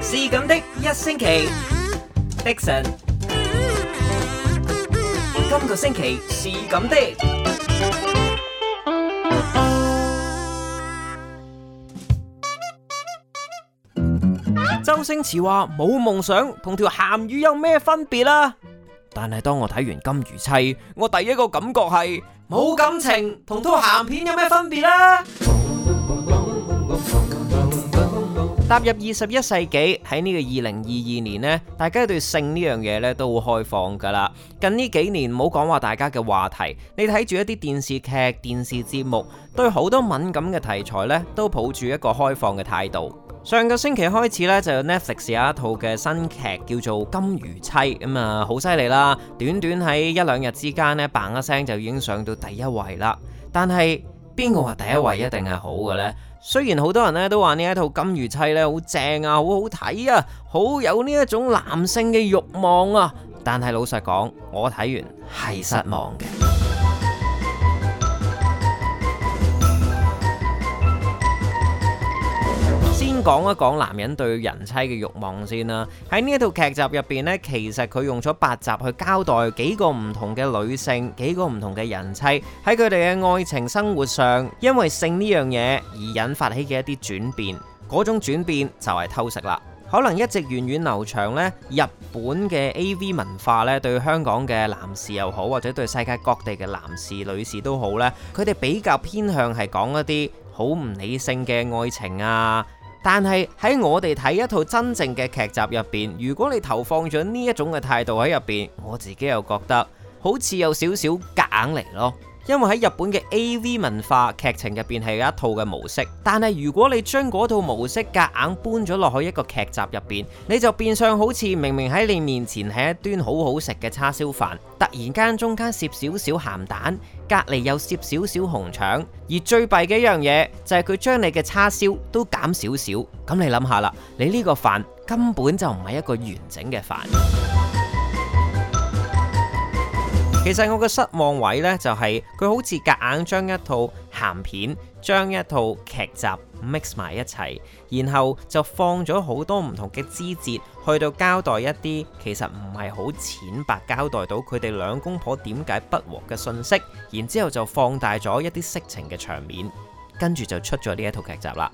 是咁的一星期，Dixon。Ixon，今個星期是咁的。周星馳話冇夢想同條鹹魚有咩分別啦？但係當我睇完《金魚妻》，我第一個感覺係冇感情同套鹹片有咩分別啦？踏入二十一世紀喺呢個二零二二年呢，大家對性呢樣嘢咧都會開放噶啦。近呢幾年冇講話，大家嘅話題，你睇住一啲電視劇、電視節目，對好多敏感嘅題材咧，都抱住一個開放嘅態度。上個星期開始呢，就有 Netflix 有一套嘅新劇叫做《金魚妻》，咁啊好犀利啦！短短喺一兩日之間呢，嘭一聲就已經上到第一位啦。但係邊個話第一位一定係好嘅呢？雖然好多人呢都話呢一套《金魚妻》呢好正啊，好好睇啊，好有呢一種男性嘅欲望啊，但係老實講，我睇完係失望嘅。講一講男人對人妻嘅欲望先啦。喺呢一套劇集入邊呢，其實佢用咗八集去交代幾個唔同嘅女性、幾個唔同嘅人妻喺佢哋嘅愛情生活上，因為性呢樣嘢而引發起嘅一啲轉變。嗰種轉變就係偷食啦。可能一直源遠流長呢，日本嘅 AV 文化呢，對香港嘅男士又好，或者對世界各地嘅男士、女士都好呢，佢哋比較偏向係講一啲好唔理性嘅愛情啊。但係喺我哋睇一套真正嘅劇集入邊，如果你投放咗呢一種嘅態度喺入邊，我自己又覺得好似有少少夾硬嚟咯。因為喺日本嘅 AV 文化劇情入邊係有一套嘅模式，但係如果你將嗰套模式夾硬搬咗落去一個劇集入邊，你就變相好似明明喺你面前係一端好好食嘅叉燒飯，突然間中間攝少少鹹蛋，隔離又攝少少紅腸，而最弊嘅一樣嘢就係佢將你嘅叉燒都減少少。咁你諗下啦，你呢個飯根本就唔係一個完整嘅飯。其實我嘅失望位呢，就係佢好似夾硬將一套鹹片、將一套劇集 mix 埋一齊，然後就放咗好多唔同嘅枝節，去到交代一啲其實唔係好淺白交代到佢哋兩公婆點解不和嘅信息，然之後就放大咗一啲色情嘅場面，跟住就出咗呢一套劇集啦。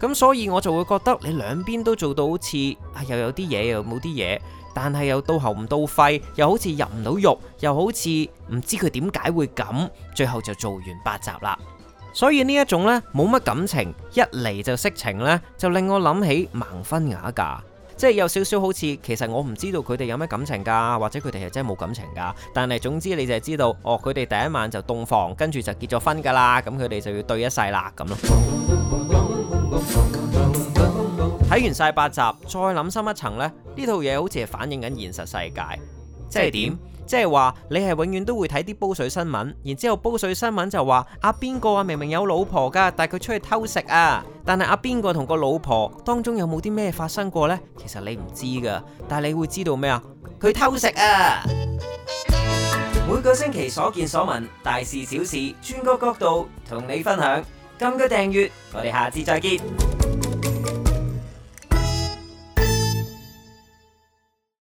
咁所以我就會覺得你兩邊都做到好似，又有啲嘢又冇啲嘢，但係又到喉唔到肺，又好似入唔到肉，又好似唔知佢點解會咁，最後就做完八集啦。所以呢一種呢，冇乜感情，一嚟就色情呢，就令我諗起盲婚啞嫁，即係有少少好似其實我唔知道佢哋有咩感情噶，或者佢哋係真係冇感情噶，但係總之你就係知道，哦佢哋第一晚就洞房，跟住就結咗婚噶啦，咁佢哋就要對一世啦咁咯。睇完曬八集，再諗深一層呢，呢套嘢好似係反映緊現實世界，即係點？即係話你係永遠都會睇啲煲水新聞，然之後煲水新聞就話阿邊個啊，明明有老婆噶，但佢出去偷食啊！但係阿邊個同個老婆當中有冇啲咩發生過呢？其實你唔知噶，但係你會知道咩啊？佢偷食啊！每個星期所見所聞，大事小事，轉個角度同你分享。撳個訂閱，我哋下次再見。